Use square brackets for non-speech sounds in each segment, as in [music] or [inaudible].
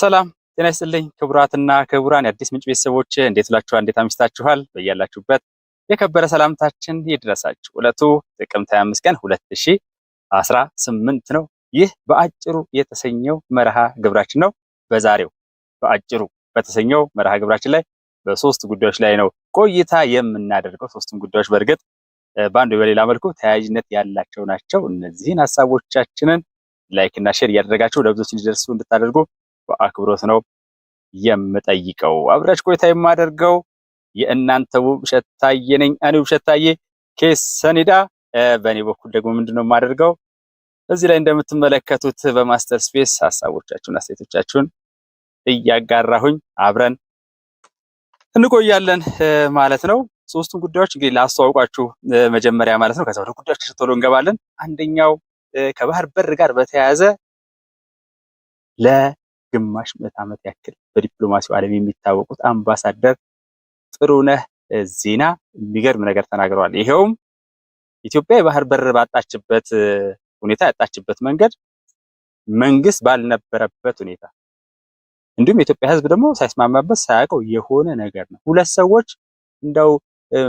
ሰላም ጤና ይስጥልኝ ክቡራትና ክቡራን የአዲስ ምንጭ ቤተሰቦች እንዴት ውላችኋል? እንዴት አምስታችኋል? በያላችሁበት የከበረ ሰላምታችን ይድረሳችሁ። ዕለቱ ጥቅምት 25 ቀን 2018 ነው። ይህ በአጭሩ የተሰኘው መርሃ ግብራችን ነው። በዛሬው በአጭሩ በተሰኘው መርሃ ግብራችን ላይ በሶስት ጉዳዮች ላይ ነው ቆይታ የምናደርገው። ሶስቱም ጉዳዮች በእርግጥ በአንዱ በሌላ መልኩ ተያያዥነት ያላቸው ናቸው። እነዚህን ሀሳቦቻችንን ላይክ እና ሼር እያደረጋችሁ ለብዙዎች እንዲደርሱ እንድታደርጉ በአክብሮት ነው የምጠይቀው። አብራች ቆይታ የማደርገው የእናንተ ውብ ታዬ ነኝ። እኔ ውብ ታዬ ኬስ ሰኒዳ። በእኔ በኩል ደግሞ ምንድነው የማደርገው እዚህ ላይ እንደምትመለከቱት በማስተር ስፔስ ሀሳቦቻችሁን አስተያየቶቻችሁን እያጋራሁኝ አብረን እንቆያለን ማለት ነው። ሶስቱን ጉዳዮች እንግዲህ ላስተዋውቋችሁ መጀመሪያ ማለት ነው። ከዛ ወደ ጉዳዮች ተሸቶሎ እንገባለን። አንደኛው ከባህር በር ጋር በተያያዘ ግማሽ ምዕት ዓመት ያክል በዲፕሎማሲው ዓለም የሚታወቁት አምባሳደር ጥሩነህ ዜና የሚገርም ነገር ተናግረዋል። ይኸውም ኢትዮጵያ የባህር በር ባጣችበት ሁኔታ ያጣችበት መንገድ መንግስት ባልነበረበት ሁኔታ እንዲሁም የኢትዮጵያ ሕዝብ ደግሞ ሳይስማማበት ሳያውቀው የሆነ ነገር ነው። ሁለት ሰዎች እንደው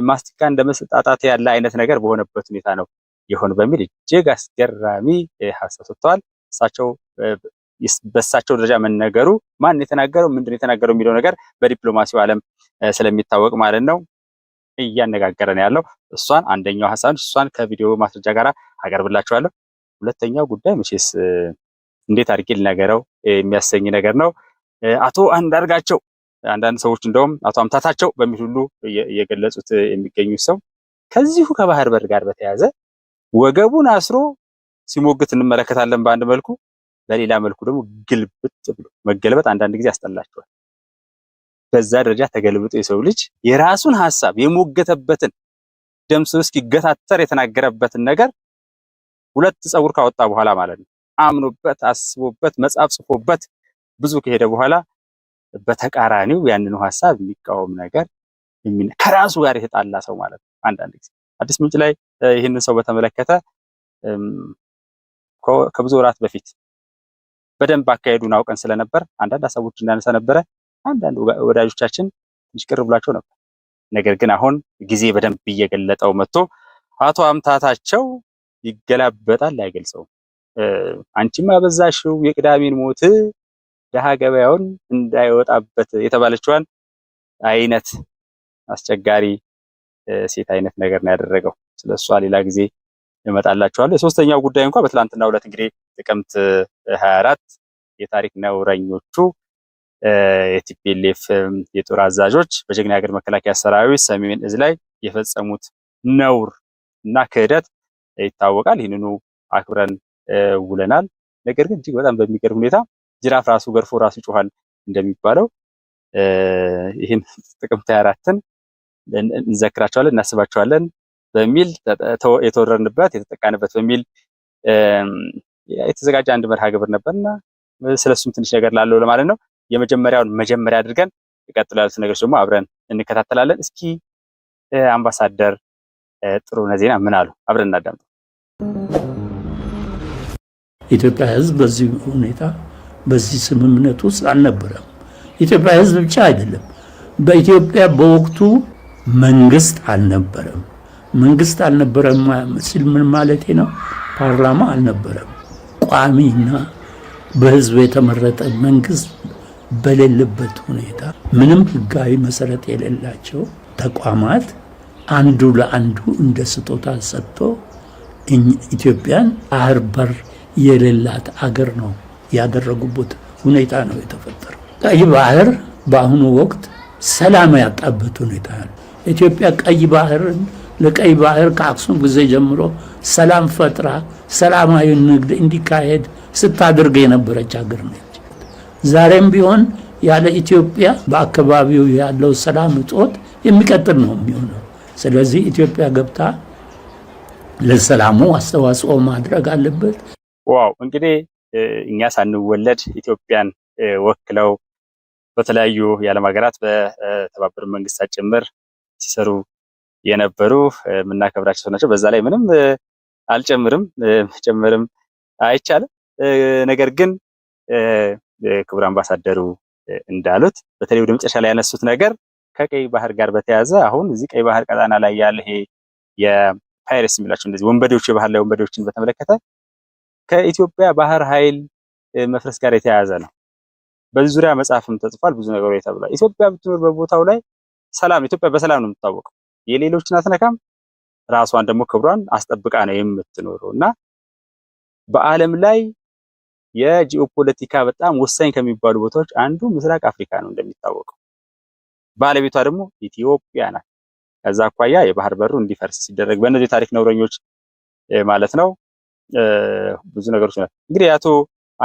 ማስቲካ እንደመስጣጣት ያለ አይነት ነገር በሆነበት ሁኔታ ነው የሆነ በሚል እጅግ አስገራሚ ሀሳብ ሰጥተዋል። እሳቸው በሳቸው ደረጃ መነገሩ ማን የተናገረው ምንድን የተናገረው የሚለው ነገር በዲፕሎማሲው ዓለም ስለሚታወቅ ማለት ነው እያነጋገረ ነው ያለው። እሷን አንደኛው ሀሳብ እሷን ከቪዲዮ ማስረጃ ጋር አቀርብላችኋለሁ። ሁለተኛው ጉዳይ መቼስ እንዴት አድርጌ ልነገረው የሚያሰኝ ነገር ነው። አቶ አንዳርጋቸው አንዳንድ ሰዎች እንደውም አቶ አምታታቸው በሚል ሁሉ እየገለጹት የሚገኙ ሰው ከዚሁ ከባህር በር ጋር በተያያዘ ወገቡን አስሮ ሲሞግት እንመለከታለን። በአንድ መልኩ በሌላ መልኩ ደግሞ ግልብጥ ብሎ መገልበጥ አንዳንድ ጊዜ ያስጠላቸዋል። በዛ ደረጃ ተገልብጦ የሰው ልጅ የራሱን ሀሳብ የሞገተበትን ደምስም እስኪገታተር የተናገረበትን ነገር ሁለት ፀጉር ካወጣ በኋላ ማለት ነው አምኖበት አስቦበት መጽሐፍ ጽፎበት ብዙ ከሄደ በኋላ በተቃራኒው ያንኑ ሀሳብ የሚቃወም ነገር ከራሱ ጋር የተጣላ ሰው ማለት ነው። አንዳንድ ጊዜ አዲስ ምንጭ ላይ ይህንን ሰው በተመለከተ ከብዙ ወራት በፊት በደንብ አካሄዱን አውቀን ስለነበር አንዳንድ ሀሳቦች እንዳነሳ ነበረ። አንዳንድ ወዳጆቻችን ትንሽ ቅር ብሏቸው ነበር። ነገር ግን አሁን ጊዜ በደንብ እየገለጠው መጥቶ አቶ አምታታቸው ይገላበጣል አይገልጸውም። አንቺም አበዛሽው የቅዳሜን ሞት ደሃ ገበያውን እንዳይወጣበት የተባለችዋን አይነት አስቸጋሪ ሴት አይነት ነገር ነው ያደረገው። ስለሷ ሌላ ጊዜ እመጣላችኋለሁ። የሶስተኛው ጉዳይ እንኳ በትላንትና ሁለት እንግዲህ ጥቅምት 24 የታሪክ ነውረኞቹ የቲፒኤልኤፍ የጦር አዛዦች በጀግና ሀገር መከላከያ ሰራዊት ሰሜን እዝ ላይ የፈጸሙት ነውር እና ክህደት ይታወቃል። ይህንኑ አክብረን ውለናል። ነገር ግን እጅግ በጣም በሚገርም ሁኔታ ጅራፍ ራሱ ገርፎ ራሱ ይጮሃል እንደሚባለው ይህን ጥቅምት 24ን እንዘክራቸዋለን፣ እናስባቸዋለን በሚል የተወረርንበት የተጠቃንበት በሚል የተዘጋጀ አንድ መርሃ ግብር ነበርና ስለሱም ትንሽ ነገር ላለው ለማለት ነው። የመጀመሪያውን መጀመሪያ አድርገን ይቀጥሉ ያሉት ነገሮች ደግሞ አብረን እንከታተላለን። እስኪ አምባሳደር ጥሩነ ዜና ምን አሉ? አብረን እናዳምጥ። ኢትዮጵያ ሕዝብ በዚህ ሁኔታ በዚህ ስምምነት ውስጥ አልነበረም። ኢትዮጵያ ሕዝብ ብቻ አይደለም፣ በኢትዮጵያ በወቅቱ መንግስት አልነበረም። መንግስት አልነበረም ሲል ምን ማለቴ ነው? ፓርላማ አልነበረም። ቋሚና በህዝብ የተመረጠ መንግስት በሌለበት ሁኔታ ምንም ህጋዊ መሰረት የሌላቸው ተቋማት አንዱ ለአንዱ እንደ ስጦታ ሰጥቶ ኢትዮጵያን ባህር በር የሌላት አገር ነው ያደረጉበት ሁኔታ ነው የተፈጠረው። ቀይ ባህር በአሁኑ ወቅት ሰላም ያጣበት ሁኔታ ነው። ኢትዮጵያ ቀይ ባህርን ለቀይ ባህር ከአክሱም ጊዜ ጀምሮ ሰላም ፈጥራ ሰላማዊ ንግድ እንዲካሄድ ስታደርግ የነበረች ሀገር ነች። ዛሬም ቢሆን ያለ ኢትዮጵያ በአካባቢው ያለው ሰላም እጦት የሚቀጥል ነው የሚሆነው። ስለዚህ ኢትዮጵያ ገብታ ለሰላሙ አስተዋጽኦ ማድረግ አለበት። ዋው! እንግዲህ እኛ ሳንወለድ ኢትዮጵያን ወክለው በተለያዩ የዓለም ሀገራት በተባበሩ መንግስታት ጭምር ሲሰሩ የነበሩ የምናከብራቸው ሰው ናቸው። በዛ ላይ ምንም አልጨምርም፣ ጨምርም አይቻልም። ነገር ግን ክቡር አምባሳደሩ እንዳሉት በተለይ ወደ መጨረሻ ላይ ያነሱት ነገር ከቀይ ባህር ጋር በተያያዘ አሁን እዚህ ቀይ ባህር ቀጣና ላይ ያለ ይሄ የፓይረስ የሚላቸው እንደዚህ ወንበዴዎች የባህር ላይ ወንበዴዎችን በተመለከተ ከኢትዮጵያ ባህር ኃይል መፍረስ ጋር የተያያዘ ነው። በዚህ ዙሪያ መጽሐፍም ተጽፏል፣ ብዙ ነገሮች ተብሏል። ኢትዮጵያ ብትኖር በቦታው ላይ ሰላም ኢትዮጵያ በሰላም ነው የምትታወቀው። የሌሎችን አትነካም፣ ራሷን ደግሞ ክብሯን አስጠብቃ ነው የምትኖረው እና በዓለም ላይ የጂኦፖለቲካ በጣም ወሳኝ ከሚባሉ ቦታዎች አንዱ ምስራቅ አፍሪካ ነው እንደሚታወቀው። ባለቤቷ ደግሞ ኢትዮጵያ ናት። ከዛ አኳያ የባህር በሩ እንዲፈርስ ሲደረግ በእነዚህ ታሪክ ነውረኞች ማለት ነው ብዙ ነገሮች ነው እንግዲህ አቶ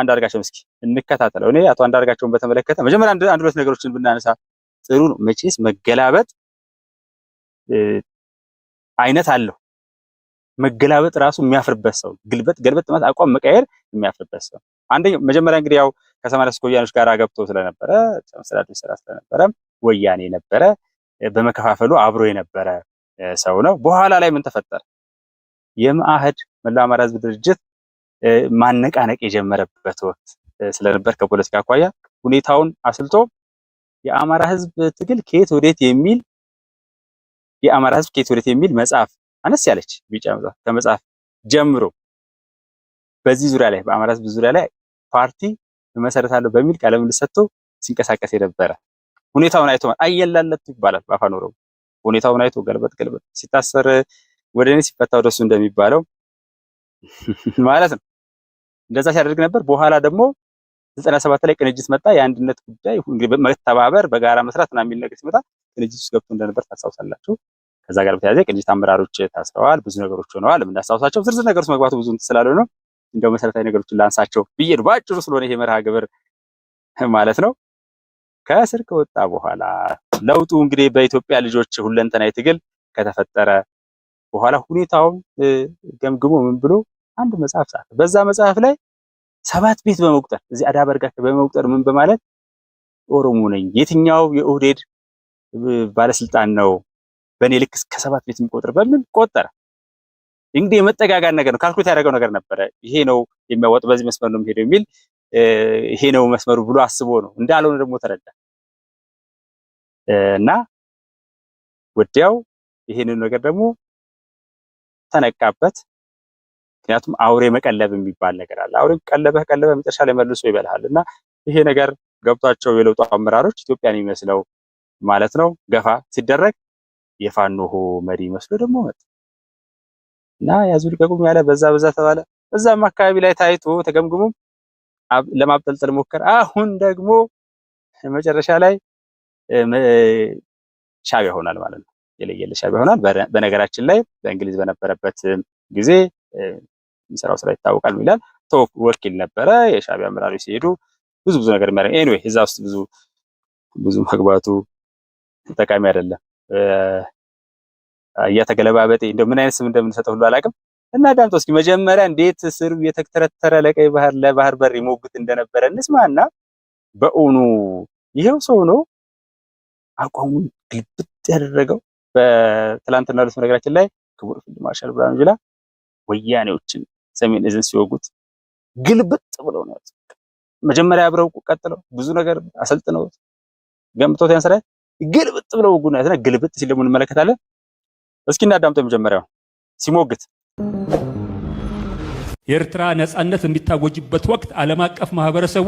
አንዳርጋቸው እስኪ እንከታተለው። እኔ አቶ አንዳርጋቸውን በተመለከተ መጀመሪያ አንድ ሁለት ነገሮችን ብናነሳ ጥሩ ነው። መቼስ መገላበጥ አይነት አለው። መገላበጥ ራሱ የሚያፍርበት ሰው ግልበጥ ገልበጥ ማለት አቋም መቀየር የሚያፍርበት ሰው አንደኛው መጀመሪያ እንግዲህ ያው ከሰማለስ ከወያኖች ጋር ገብቶ ስለነበረ መሰዳዱ ስራ ስለነበረ ወያኔ ነበረ፣ በመከፋፈሉ አብሮ የነበረ ሰው ነው። በኋላ ላይ ምን ተፈጠረ? የመአህድ መላው አማራ ህዝብ ድርጅት ማነቃነቅ የጀመረበት ወቅት ስለነበር ከፖለቲካ አኳያ ሁኔታውን አስልቶ የአማራ ህዝብ ትግል ከየት ወዴት የሚል የአማራ ህዝብ ከየት የሚል መጽሐፍ አነስ ያለች ቢጫ መጽሐፍ ከመጽሐፍ ጀምሮ በዚህ ዙሪያ ላይ በአማራ ህዝብ ዙሪያ ላይ ፓርቲ እመሰረታለሁ በሚል ቃለ ምልልስ ሰጥቶ ሲንቀሳቀስ የነበረ ሁኔታውን አይቶ አየላለቱ ይባላል በአፋን ኦሮሞ። ሁኔታውን አይቶ ገልበጥ ገልበጥ ሲታሰር ወደ እኔ ሲፈታ ወደሱ እንደሚባለው [laughs] ማለት ነው። እንደዛ ሲያደርግ ነበር። በኋላ ደግሞ ዘጠና ሰባት ላይ ቅንጅት መጣ። የአንድነት ጉዳይ መተባበር፣ በጋራ መስራት እና የሚል ነገር ሲመጣ ቅንጅት ውስጥ ገብቶ እንደነበር ታስታውሳላችሁ። ከዛ ጋር በተያያዘ ቅንጅት አመራሮች ታስረዋል፣ ብዙ ነገሮች ሆነዋል። የምናስታውሳቸው ዝርዝር ነገር ውስጥ መግባቱ ብዙ ስላልሆነ ነው እንደው መሰረታዊ ነገሮችን ላንሳቸው ብዬ ነው በአጭሩ ስለሆነ ይሄ መርሃ ግብር [laughs] ማለት ነው። ከእስር ከወጣ በኋላ ለውጡ እንግዲህ በኢትዮጵያ ልጆች ሁለንተናዊ ትግል ከተፈጠረ በኋላ ሁኔታውን ገምግሞ ምን ብሎ አንድ መጽሐፍ ጻፈ። በዛ መጽሐፍ ላይ ሰባት ቤት በመቁጠር እዚህ አዳ በርጋ በመቁጠር ምን በማለት ኦሮሞ ነኝ የትኛው የኦህዴድ ባለስልጣን ነው በእኔ ልክ እስከ ሰባት ቤት የሚቆጥር በምን ቆጠረ? እንግዲህ የመጠጋጋን ነገር ነው። ካልኩሌት ያደረገው ነገር ነበረ። ይሄ ነው የሚያወጥ፣ በዚህ መስመር ነው የሚሄደው የሚል ይሄ ነው መስመሩ ብሎ አስቦ ነው። እንዳልሆነ ደግሞ ተረዳ እና ወዲያው ይሄንን ነገር ደግሞ ተነቃበት። ምክንያቱም አውሬ መቀለብ የሚባል ነገር አለ። አውሬ ቀለበህ ቀለበህ መጨረሻ ላይ መልሶ ይበልሃል እና ይሄ ነገር ገብቷቸው የለውጡ አመራሮች ኢትዮጵያን የሚመስለው ማለት ነው ገፋ ሲደረግ የፋኖ መሪ መስሎ ደግሞ መጣ እና ያዙ ልቀቁም ያለ በዛ በዛ ተባለ። በዛም አካባቢ ላይ ታይቶ ተገምግሞ ለማብጠልጠል ሞከረ። አሁን ደግሞ መጨረሻ ላይ ሻዕቢያ ሆናል ማለት ነው። የለየለ ሻዕቢያ ሆናል። በነገራችን ላይ በእንግሊዝ በነበረበት ጊዜ የሚሰራው ስራ ይታወቃል ይላል። ወኪል ነበረ። የሻዕቢያ አመራሮች ሲሄዱ ብዙ ብዙ ነገር የሚያደርግ ኤኒዌይ እዛ ውስጥ ብዙ ብዙ መግባቱ ጠቃሚ አይደለም። እያተገለባበጠ እንደ ምን አይነት ስም እንደምንሰጠው ሁሉ አላውቅም። እና ዳምጦ እስኪ መጀመሪያ እንዴት ስር እየተተረተረ ለቀይ ባህር ለባህር በር ይሞግት እንደነበረ እንስማና በእውኑ ይሄው ሰው ነው አቋሙን ግልብጥ ያደረገው? በትላንትና ዕለት ነገራችን ላይ ክቡር ፊልድ ማርሻል ብርሃኑ ጁላ ወያኔዎችን ሰሜን እዝን ሲወጉት ግልብጥ ብለው ነው። መጀመሪያ አብረው ቀጥለው ብዙ ነገር አሰልጥነው ገምቶት ያን ግልብጥ ብለው ጉን ያዘና ግልብጥ ሲል ደግሞ እንመለከታለን። እስኪ እናዳምጠው። የመጀመሪያው ሲሞግት የኤርትራ ነጻነት የሚታወጅበት ወቅት ዓለም አቀፍ ማህበረሰቡ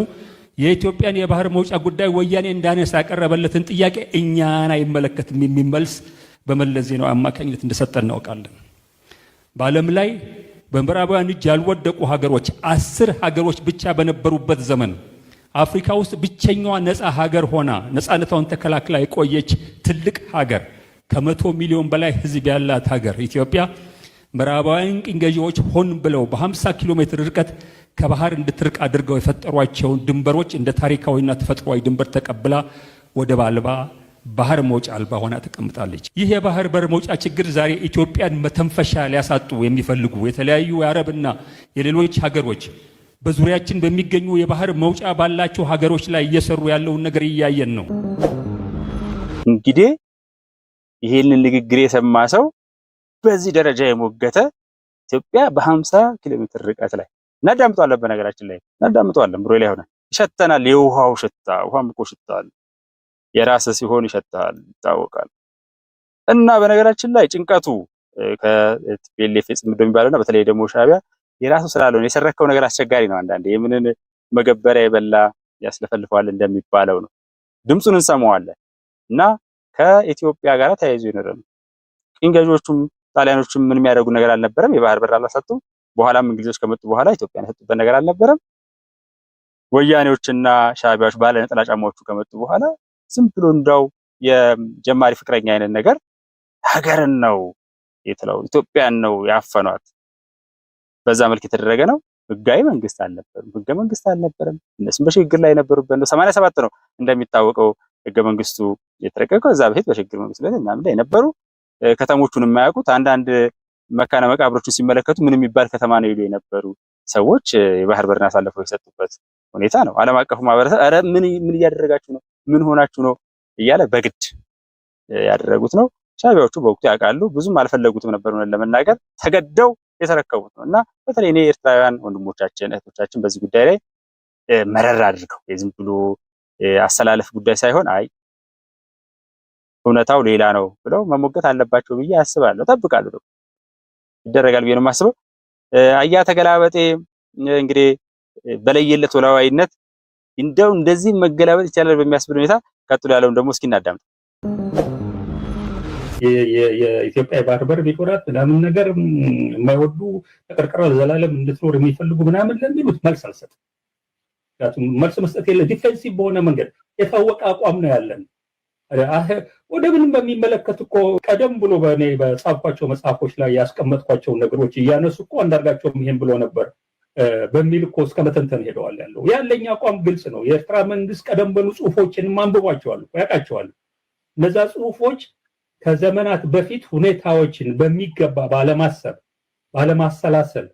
የኢትዮጵያን የባህር መውጫ ጉዳይ ወያኔ እንዳነሳ ያቀረበለትን ጥያቄ እኛን አይመለከትም የሚመልስ በመለስ ዜናው አማካኝነት እንደሰጠ እናውቃለን። በዓለም ላይ በምዕራባውያን እጅ ያልወደቁ ሀገሮች አስር ሀገሮች ብቻ በነበሩበት ዘመን አፍሪካ ውስጥ ብቸኛዋ ነፃ ሀገር ሆና ነፃነቷን ተከላክላ የቆየች ትልቅ ሀገር ከመቶ ሚሊዮን በላይ ሕዝብ ያላት ሀገር ኢትዮጵያ ምዕራባውያን ቅኝ ገዢዎች ሆን ብለው በ50 ኪሎ ሜትር ርቀት ከባህር እንድትርቅ አድርገው የፈጠሯቸውን ድንበሮች እንደ ታሪካዊና ተፈጥሯዊ ድንበር ተቀብላ ወደብ አልባ ባህር መውጫ አልባ ሆና ተቀምጣለች። ይህ የባህር በር መውጫ ችግር ዛሬ ኢትዮጵያን መተንፈሻ ሊያሳጡ የሚፈልጉ የተለያዩ የአረብና የሌሎች ሀገሮች በዙሪያችን በሚገኙ የባህር መውጫ ባላቸው ሀገሮች ላይ እየሰሩ ያለውን ነገር እያየን ነው። እንግዲህ ይህንን ንግግር የሰማ ሰው በዚህ ደረጃ የሞገተ ኢትዮጵያ በሀምሳ ኪሎ ሜትር ርቀት ላይ እናዳምጠዋለን። በነገራችን ላይ እናዳምጠዋለን። ብሮ ላይ ሆነ ይሸተናል። የውሃው ሽታ ውሃም እኮ ሽታል የራስ ሲሆን ይሸታል፣ ይታወቃል። እና በነገራችን ላይ ጭንቀቱ ከቲፒኤልኤፍ ጽምዶ የሚባለውና በተለይ ደግሞ ሻቢያ የራሱ ነው። የሰረከው ነገር አስቸጋሪ ነው። አንዳንዴ የምንን መገበሪያ የበላ ያስለፈልፈዋል እንደሚባለው ነው። ድምፁን እንሰማዋለን እና ከኢትዮጵያ ጋር ተያይዞ ይኖረ ነው። ቅኝ ገዢዎቹም ጣሊያኖቹም ምን የሚያደርጉ ነገር አልነበረም። የባህር በር አላሰጡም። በኋላም እንግሊዞች ከመጡ በኋላ ኢትዮጵያን የሰጡበት ነገር አልነበረም። ወያኔዎችና ሻቢያዎች ባለ ነጠላ ጫማዎቹ ከመጡ በኋላ ዝም ብሎ እንዳው የጀማሪ ፍቅረኛ አይነት ነገር ሀገርን ነው የትለው ኢትዮጵያን ነው ያፈኗት በዛ መልክ የተደረገ ነው። ህጋዊ መንግስት አልነበርም። ህገ መንግስት አልነበርም። እነሱም በሽግግር ላይ የነበሩበት ነው። ሰማንያ ሰባት ነው እንደሚታወቀው ህገ መንግስቱ የተረቀቀው እዛ በፊት በሽግግር መንግስት ላይ ምናምን ላይ የነበሩ ከተሞቹን የማያውቁት አንዳንድ መካነ መቃብሮቹን ሲመለከቱ ምን የሚባል ከተማ ነው ይሉ የነበሩ ሰዎች የባህር በርን አሳልፈው የሰጡበት ሁኔታ ነው። ዓለም አቀፉ ማህበረሰብ ኧረ ምን ምን እያደረጋችሁ ነው? ምን ሆናችሁ ነው? እያለ በግድ ያደረጉት ነው። ሻቢያዎቹ በወቅቱ ያውቃሉ። ብዙም አልፈለጉትም ነበር ለመናገር ተገደው የተረከቡት ነው እና በተለይ እኔ ኤርትራውያን ወንድሞቻችን እህቶቻችን በዚህ ጉዳይ ላይ መረር አድርገው የዝም ብሎ አሰላለፍ ጉዳይ ሳይሆን አይ እውነታው ሌላ ነው ብለው መሞገት አለባቸው ብዬ አስባለሁ። ጠብቃለሁ ደግሞ ይደረጋል ብዬ ነው የማስበው። አያ ተገላበጤ እንግዲህ በለየለት ወላዋይነት እንደው እንደዚህ መገላበጥ ይቻላል በሚያስብል ሁኔታ ቀጥሎ ያለውን ደግሞ እስኪ እናዳምጥ። የኢትዮጵያ የባህር በር ቢኖራት ምናምን ነገር የማይወዱ ተቀርቀረ ዘላለም እንድትኖር የሚፈልጉ ምናምን ለሚሉት መልስ አልሰጥም። ምክንያቱም መልስ መስጠት የለ ዲፌንሲቭ በሆነ መንገድ የታወቀ አቋም ነው ያለን። ወደብንም በሚመለከት እኮ ቀደም ብሎ በእኔ በጻፍኳቸው መጽሐፎች ላይ ያስቀመጥኳቸውን ነገሮች እያነሱ እኮ አንዳርጋቸውም ይሄን ብሎ ነበር በሚል እኮ እስከ መተንተን ሄደዋል። ያለው ያለኝ አቋም ግልጽ ነው። የኤርትራ መንግስት ቀደም በሉ ጽሁፎችንም አንብቧቸዋል፣ ያውቃቸዋል። እነዛ ጽሁፎች ከዘመናት በፊት ሁኔታዎችን በሚገባ ባለማሰብ ባለማሰላሰል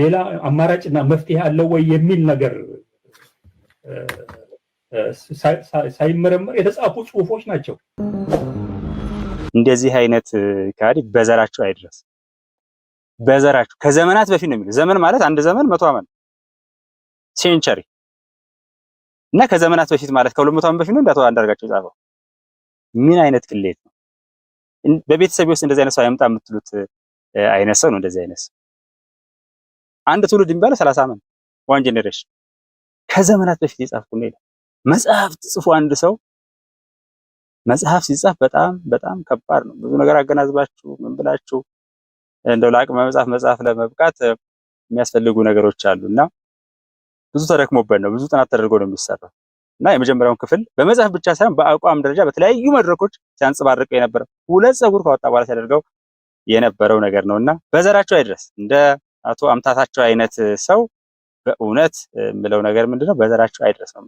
ሌላ አማራጭና መፍትሄ አለው ወይ የሚል ነገር ሳይመረመር የተጻፉ ጽሁፎች ናቸው። እንደዚህ አይነት ከሃዲ በዘራቸው አይድረስ። በዘራቸው ከዘመናት በፊት ነው የሚለው። ዘመን ማለት አንድ ዘመን መቶ ዓመት ሴንቸሪ እና ከዘመናት በፊት ማለት ከሁለት መቶ ዓመት በፊት ነው እንዳቶ አንዳርጋቸው የጻፈው ምን አይነት ቅሌት ነው? በቤተሰቤ ውስጥ እንደዚህ አይነት ሰው አይምጣ የምትሉት አይነት ሰው ነው። እንደዚህ አይነት ሰው አንድ ትውልድ የሚባለው ሰላሳ ዓመት ዋን ጄኔሬሽን ከዘመናት በፊት የጻፍኩ ነው ይላል መጽሐፍ ጽፎ አንድ ሰው መጽሐፍ ሲጻፍ በጣም በጣም ከባድ ነው። ብዙ ነገር አገናዝባችሁ ምን ብላችሁ እንደው ለአቅመ መጽሐፍ መጽሐፍ ለመብቃት የሚያስፈልጉ ነገሮች አሉ እና ብዙ ተደክሞበት ነው። ብዙ ጥናት ተደርጎ ነው የሚሰራው። እና የመጀመሪያውን ክፍል በመጽሐፍ ብቻ ሳይሆን በአቋም ደረጃ በተለያዩ መድረኮች ሲያንጸባርቀው የነበረ ሁለት ፀጉር ካወጣ በኋላ ሲያደርገው የነበረው ነገር ነው እና በዘራቸው አይድረስ እንደ አቶ አምታታቸው አይነት ሰው በእውነት የምለው ነገር ምንድነው በዘራቸው አይድረስ ነው።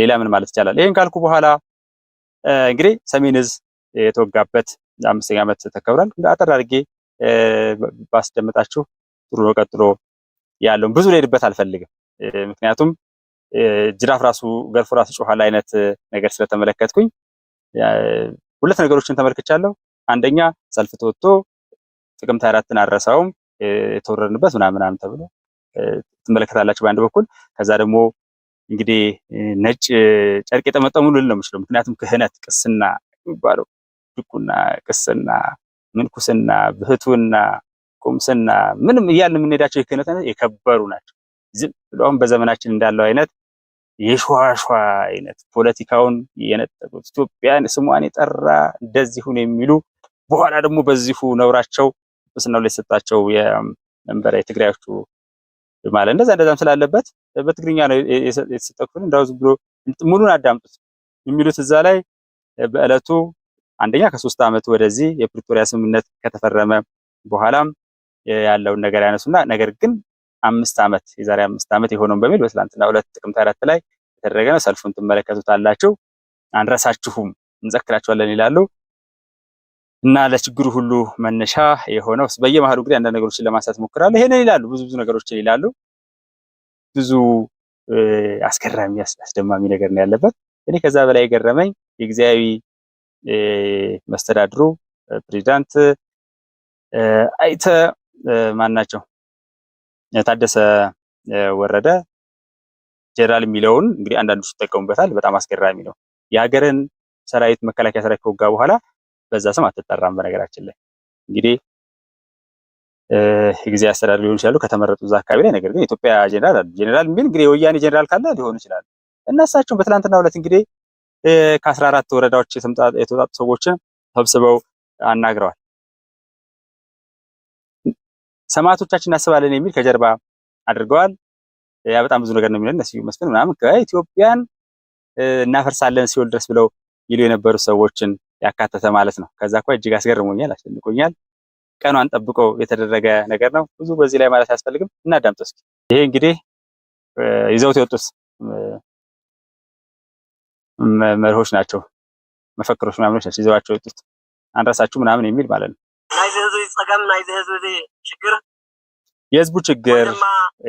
ሌላ ምን ማለት ይቻላል? ይህን ካልኩ በኋላ እንግዲህ ሰሜን ዕዝ የተወጋበት አምስተኛ ዓመት ተከብሯል። አጠር አድርጌ ባስደምጣችሁ ጥሩ ነው። ቀጥሎ ያለውን ብዙ ልሄድበት አልፈልግም፣ ምክንያቱም ጅራፍ ራሱ ገርፎ ራሱ ጮኋል አይነት ነገር ስለተመለከትኩኝ ሁለት ነገሮችን ተመልክቻለሁ። አንደኛ ሰልፍ ተወጥቶ ጥቅምት አራትን አረሳውም የተወረድንበት ምናምናም ተብሎ ትመለከታላችሁ በአንድ በኩል ከዛ ደግሞ እንግዲህ ነጭ ጨርቅ የጠመጠሙ ልል ነው የምችለው። ምክንያቱም ክህነት፣ ቅስና የሚባለው ድቁና፣ ቅስና፣ ምንኩስና፣ ብህቱና፣ ቁምስና ምንም እያልን የምንሄዳቸው የክህነት የከበሩ ናቸው። ዝም ብሎ አሁን በዘመናችን እንዳለው አይነት የሸዋሸዋ አይነት ፖለቲካውን የነጠቁት ኢትዮጵያን ስሟን የጠራ እንደዚሁን የሚሉ በኋላ ደግሞ በዚሁ ነውራቸው ቅስናው ላይ የሰጣቸው የመንበረ የትግራዮቹ ማለት እንደዛ እንደዛም ስላለበት በትግርኛ ነው የተሰጠው ክፍል እንዳው ዝም ብሎ ሙሉን አዳምጡት የሚሉት እዛ ላይ በእለቱ አንደኛ ከሶስት ዓመት ወደዚህ የፕሪቶሪያ ስምምነት ከተፈረመ በኋላም ያለውን ነገር ያነሱና ነገር ግን አምስት ዓመት የዛሬ አምስት ዓመት የሆነውን በሚል በትላንትና ሁለት ጥቅምት አራት ላይ የተደረገ ነው። ሰልፉን ትመለከቱታላችሁ። አንረሳችሁም፣ እንዘክራችኋለን ይላሉ እና ለችግሩ ሁሉ መነሻ የሆነው በየመሀሉ እንግዲህ አንዳንድ ነገሮችን ለማንሳት እሞክራለሁ። ይሄንን ይላሉ፣ ብዙ ብዙ ነገሮችን ይላሉ። ብዙ አስገራሚ አስደማሚ ነገር ነው ያለበት። እኔ ከዛ በላይ የገረመኝ የጊዜያዊ መስተዳድሩ ፕሬዚዳንት አይተ ማን ናቸው ታደሰ ወረደ ጀነራል የሚለውን እንግዲህ አንዳንዶች ይጠቀሙበታል። በጣም አስገራሚ ነው። የሀገርን ሰራዊት መከላከያ ሰራዊት ከወጋ በኋላ በዛ ስም አትጠራም። በነገራችን ላይ እንግዲህ የጊዜ አስተዳደር ሊሆን ይችላሉ ከተመረጡ እዛ አካባቢ ላይ ነገር ግን የኢትዮጵያ ጀነራል አሉ። ጀነራል የሚል እንግዲህ የወያኔ ጀነራል ካለ ሊሆኑ ይችላሉ። እና እሳቸውን በትናንትናው ዕለት እንግዲህ ከአስራ አራት ወረዳዎች የተወጣጡ ሰዎችን ሰብስበው አናግረዋል። ሰማዕቶቻችን እናስባለን የሚል ከጀርባ አድርገዋል። ያ በጣም ብዙ ነገር ነው የሚለን እነሱ መስፍን ምናምን ከኢትዮጵያን እናፈርሳለን ሲኦል ድረስ ብለው ይሉ የነበሩ ሰዎችን ያካተተ ማለት ነው። ከዛ እኮ እጅግ አስገርሞኛል፣ አስደንቆኛል። ቀኗን ጠብቆ የተደረገ ነገር ነው። ብዙ በዚህ ላይ ማለት አያስፈልግም። እናዳምጥ እስኪ። ይሄ እንግዲህ ይዘውት የወጡት መርሆች ናቸው፣ መፈክሮች ምናምኖች ናቸው ይዘዋቸው የወጡት አንረሳችሁ ምናምን የሚል ማለት ነው። ህዝቢ ፀገም ናይ ህዝቢ ችግር የህዝቡ ችግር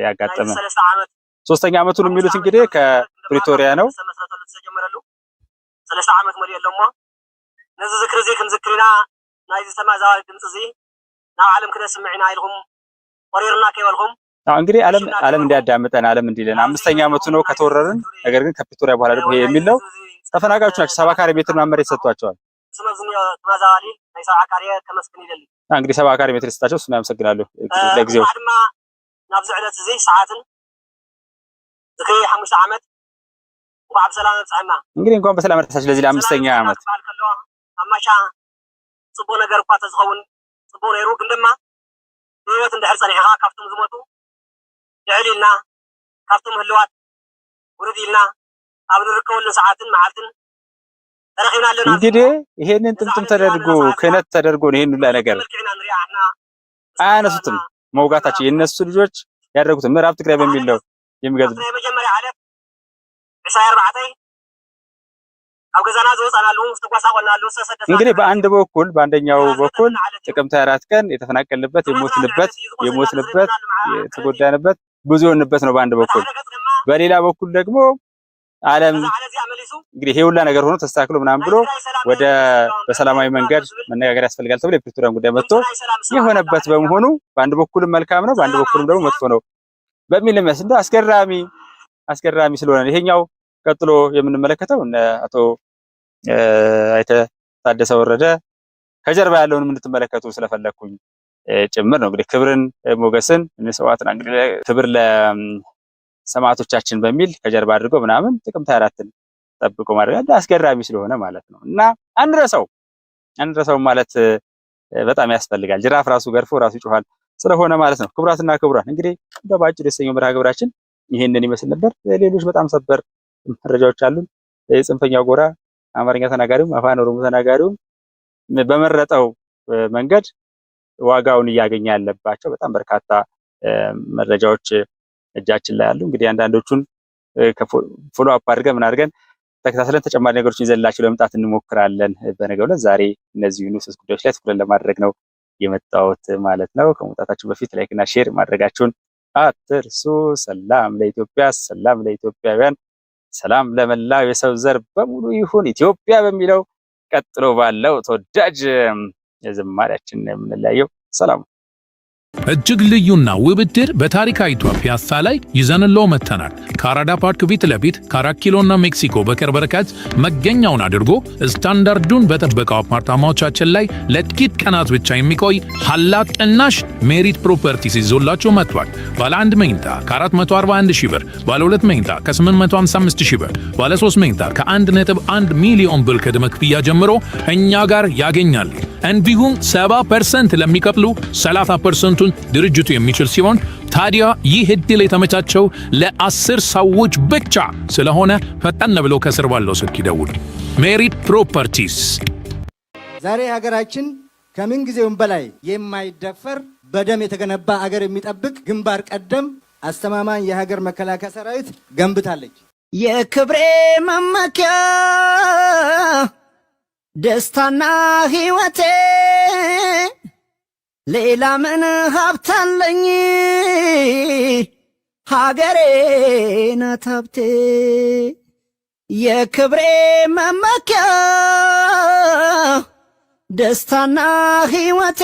ያጋጠመ ሶስተኛ ዓመቱ ነው የሚሉት እንግዲህ ከፕሪቶሪያ ነው ሰለሳ ዓመት ሞሊ ኣሎ ነዚ ዝክሪ እዚ ክንዝክርና ናይዚ ተማዛባቢ ድምፂ እዚ ናብ ዓለም ክነስምዕና ኢልኩም ቆሪርና ከይበልኩም እንግዲህ ዓለም ዓለም እንዲያዳምጠን ዓለም እንዲለን አምስተኛ ዓመቱ ነው ከተወረርን። ነገር ግን ከፕሪቶሪያ በኋላ ደግሞ ይሄ የሚል ነው። ናቸው። ሰባ ካሬ ሜትር መሬት ሰጥቷቸዋል። ስለዚህ ተማዛባሊ ናይ ሰባ ካሬ ከመስግን ይደልኝ እንግዲህ ሰባ ካሬ ሜትር ስታቸው እሱን ያመሰግናለሁ። ለጊዜው ድማ ናብዚ ዕለት እዚ ሰዓትን ዝክሪ ሓሙሽተ ዓመት እንኳዕ ብሰላም ኣብፅሐና። እንግዲህ እንኳን በሰላም ረሳች ለዚ ለአምስተኛ ዓመት ኣማሻ ፅቡቅ ነገር እኳ ተዝኸውን ፅቡቅ ነይሩ፣ ግን ድማ ብህይወት እንድሕር ፀኒዕኻ ካብቶም ዝሞቱ ልዕል ኢልና ካብቶም ህልዋት ውርድ ኢልና ኣብ ንርከበሉን ሰዓትን መዓልትን እንግዲህ ይሄንን ጥምጥም ተደርጎ ክህነት ተደርጎ ነው ይሄን ሁላ ነገር አያነሱትም። መውጋታቸው የእነሱ ልጆች ያደረጉትን ምዕራብ ትግራይ በሚል ነው የሚገዙት። እንግዲህ በአንድ በኩል በአንደኛው በኩል ጥቅምት አራት ቀን የተፈናቀልንበት የሞትንበት የሞትንበት የተጎዳንበት ጉዞንበት ነው በአንድ በኩል በሌላ በኩል ደግሞ አለም እንግዲህ ይሄ ሁላ ነገር ሆኖ ተስተካክሎ ምናምን ብሎ ወደ በሰላማዊ መንገድ መነጋገር ያስፈልጋል ተብሎ የፕሪቶሪያን ጉዳይ መጥቶ የሆነበት በመሆኑ በአንድ በኩልም መልካም ነው፣ በአንድ በኩልም ደግሞ መጥፎ ነው በሚል መስ እንደ አስገራሚ አስገራሚ ስለሆነ ይሄኛው ቀጥሎ የምንመለከተው እነ አቶ አይተ ታደሰ ወረደ ከጀርባ ያለውን እንድትመለከቱ ስለፈለግኩኝ ጭምር ነው። እንግዲህ ክብርን ሞገስን እንስዋዕትን እንግዲህ ክብር ለ ሰማዕቶቻችን በሚል ከጀርባ አድርጎ ምናምን ጥቅምት አራትን ጠብቆ ማድረግ አስገራሚ ስለሆነ ማለት ነው። እና አንረሳው አንረሳው ማለት በጣም ያስፈልጋል። ጅራፍ ራሱ ገርፎ ራሱ ይጮኋል ስለሆነ ማለት ነው። ክቡራትና ክቡራን እንግዲህ በአጭሩ የሰኞ መርሃ ግብራችን ይህንን ይመስል ነበር። ሌሎች በጣም ሰበር መረጃዎች አሉን። የጽንፈኛው ጎራ አማርኛ ተናጋሪውም አፋን ኦሮሞ ተናጋሪውም በመረጠው መንገድ ዋጋውን እያገኘ ያለባቸው በጣም በርካታ መረጃዎች እጃችን ላይ አሉ። እንግዲህ አንዳንዶቹን ፎሎ አፕ አድርገን ምን አድርገን ተከታትለን ተጨማሪ ነገሮችን ይዘንላችሁ ለመምጣት እንሞክራለን። በነገው ዕለት ዛሬ እነዚህን ጉዳዮች ላይ ትኩረት ለማድረግ ነው የመጣሁት ማለት ነው። ከመውጣታችሁ በፊት ላይክ እና ሼር ማድረጋችሁን አትርሱ። ሰላም ለኢትዮጵያ፣ ሰላም ለኢትዮጵያውያን፣ ሰላም ለመላው የሰው ዘር በሙሉ ይሁን። ኢትዮጵያ በሚለው ቀጥሎ ባለው ተወዳጅ ዝማሪያችን የምንለያየው ሰላም እጅግ ልዩና ውብ ዕድር በታሪካዊቷ ፒያሳ ላይ ይዘንለው መጥተናል። ከአራዳ ፓርክ ፊት ለፊት ከአራት ኪሎና ሜክሲኮ በቅርብ ርቀት መገኛውን አድርጎ ስታንዳርዱን በጠበቀው አፓርታማዎቻችን ላይ ለጥቂት ቀናት ብቻ የሚቆይ ሀላቅ ቅናሽ ሜሪት ፕሮፐርቲስ ይዞላቸው መጥቷል። ባለ አንድ መኝታ ከ441 ሺ ብር፣ ባለ ሁለት መኝታ ከ855 ሺ ብር፣ ባለ 3 መኝታ ከ1.1 ሚሊዮን ብር ድመክፍያ ክፍያ ጀምሮ እኛ ጋር ያገኛሉ። እንዲሁም 70% ለሚቀጥሉ ፐርሰንቱን ድርጅቱ የሚችል ሲሆን ታዲያ ይህ እድል የተመቻቸው ለአስር ሰዎች ብቻ ስለሆነ ፈጠን ብሎ ከስር ባለው ስልክ ይደውል። ሜሪት ፕሮፐርቲስ ዛሬ ሀገራችን ከምን ጊዜውም በላይ የማይደፈር በደም የተገነባ አገር የሚጠብቅ ግንባር ቀደም አስተማማኝ የሀገር መከላከያ ሰራዊት ገንብታለች። የክብሬ መመኪያ ደስታና ሕይወቴ ሌላ ምን ሀብታለኝ ሀገሬ ናት ሀብቴ የክብሬ መመኪያ ደስታና ሕይወቴ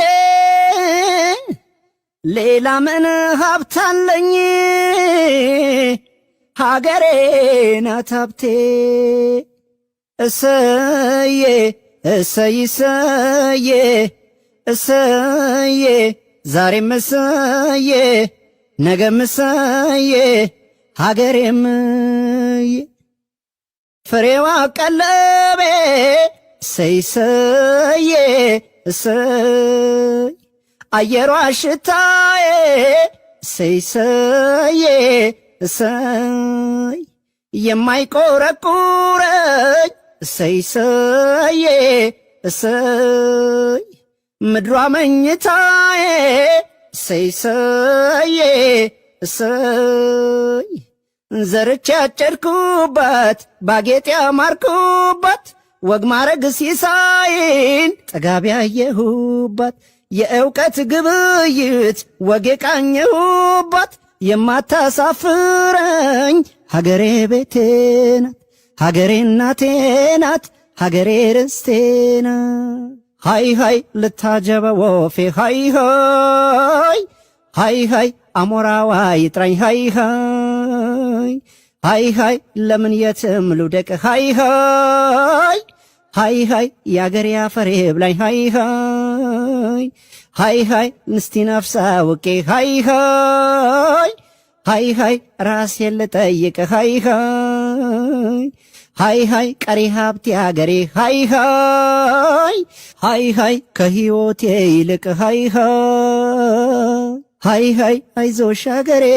ሌላ ምን ሀብታለኝ ሀገሬ ናት ሀብቴ እሰዬ እሰይ እሰዬ እሰዬ ዛሬ እሰዬ ነገ እሰዬ ሀገሬም ፍሬዋ ቀለቤ እሰይ እሰዬ እሰይ አየሯ ሽታዬ እሰይ እሰዬ እሰይ የማይቆረቁረኝ እሰይ ሰዬ እሰይ ምድሯ መኝታዬ እሰይ ሰዬ እሰይ ዘርቼ ያጨድኩባት ባጌጥ ያማርኩባት ወግ ማረግ ሲሳይን ጠጋቢ ያየሁበት የእውቀት ግብይት ወግ የቃኘሁባት የማታሳፍረኝ ሀገሬ ቤቴ ናት። ሀገሬ እናቴ ናት፣ ሀገሬ ርስቴ ናት። ሃይ ልታጀበ ወፌ ሃይ ሃይ ሃይ ሀይ አሞራዋ ይጥራኝ ሃይ ሃይ ሃይ ሀይ ለምን የትም ልውደቅ ሃይ ሃይ ሀይ ሀይ የአገሬ አፈሬ ብላኝ ሃይ ሃይ ሀይ ሀይ ንስቲ ነፍሳ ውቄ ሃይ ሃይ ሃይ ሀይ ራሴን ልጠይቅ ሀይ ሀይ ሃይ ሃይ ቀሪ ሀብቴ አገሬ ሃይ ሃይ ሃይ ሃይ ከህይወቴ ይልቅ ሃይ ሃይ ሃይ ሃይ አይዞሽ አገሬ